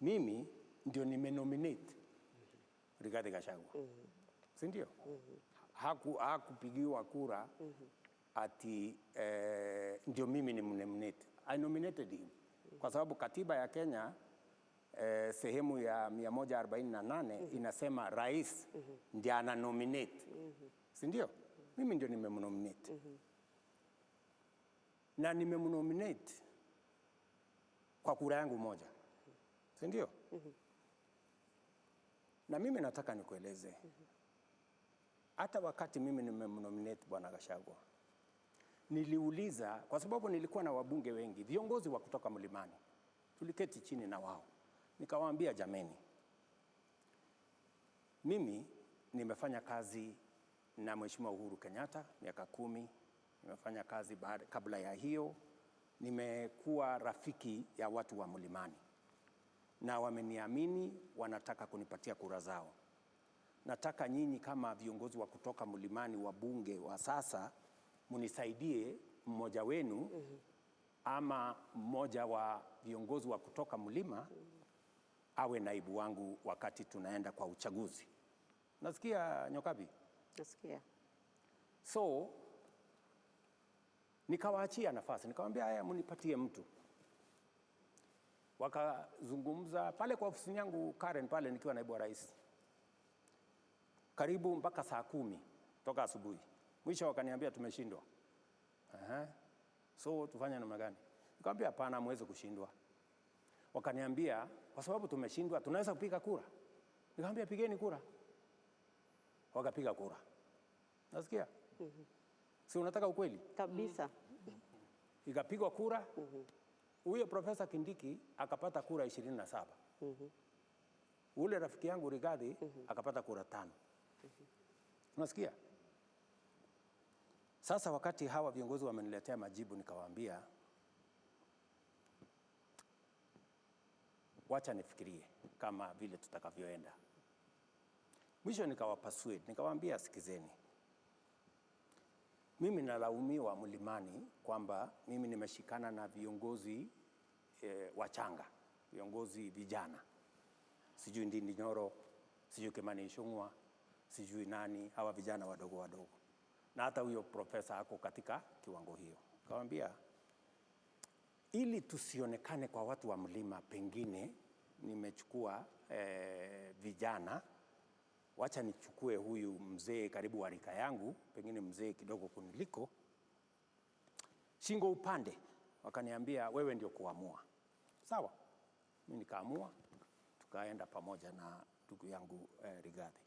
mimi ndio nimenominate Rigathi Gachagua, mm-hmm. si ndio? Mm-hmm. Hakupigiwa kura mm-hmm. ati eh, ndio mimi nimnominate. I nominated him kwa sababu katiba ya Kenya eh, sehemu ya 148 inasema rais ndio ananominate, si ndio? Mimi ndio nimemnominate na nimemnominate kwa kura yangu moja si ndio? mm -hmm. Na mimi nataka nikueleze mhm. hata mm -hmm. wakati mimi nimemnominate Bwana Gashagwa niliuliza, kwa sababu nilikuwa na wabunge wengi viongozi wa kutoka mlimani, tuliketi chini na wao nikawaambia, jameni, mimi nimefanya kazi na Mheshimiwa Uhuru Kenyatta miaka kumi, nimefanya kazi baada, kabla ya hiyo nimekuwa rafiki ya watu wa mlimani na wameniamini, wanataka kunipatia kura zao. Nataka nyinyi kama viongozi wa kutoka mlimani, wa bunge wa sasa, munisaidie mmoja wenu ama mmoja wa viongozi wa kutoka mlima awe naibu wangu wakati tunaenda kwa uchaguzi. Nasikia Nyokabi, nasikia. So nikawaachia nafasi, nikamwambia haya, munipatie mtu wakazungumza pale kwa ofisi yangu Karen pale nikiwa naibu wa rais, karibu mpaka saa kumi toka asubuhi. Mwisho wakaniambia tumeshindwa. Aha. So tufanye namna gani? Nikamwambia hapana, mwezi kushindwa. Wakaniambia kwa sababu tumeshindwa, tunaweza kupiga kura. Nikamwambia pigeni kura, wakapiga kura. Nasikia mhm. si unataka ukweli kabisa, ikapigwa kura mhm huyo Profesa Kindiki akapata kura ishirini na saba. mm -hmm. Ule rafiki yangu Rigathi mm -hmm. akapata kura tano. mm -hmm. Unasikia? Sasa wakati hawa viongozi wameniletea majibu, nikawaambia wacha nifikirie kama vile tutakavyoenda. Mwisho nikawapasuit, nikawaambia sikizeni, mimi nalaumiwa mlimani kwamba mimi nimeshikana na viongozi e, wachanga viongozi vijana, sijui Ndindi Nyoro, sijui Kimani Ichung'wa, sijui nani, hawa vijana wadogo wadogo, na hata huyo profesa ako katika kiwango hiyo. Kawambia ili tusionekane kwa watu wa mlima, pengine nimechukua e, vijana wacha nichukue huyu mzee karibu warika yangu, pengine mzee kidogo kuniliko, shingo upande wakaniambia wewe ndio kuamua. Sawa, mimi nikaamua, tukaenda pamoja na ndugu yangu eh, Rigathi.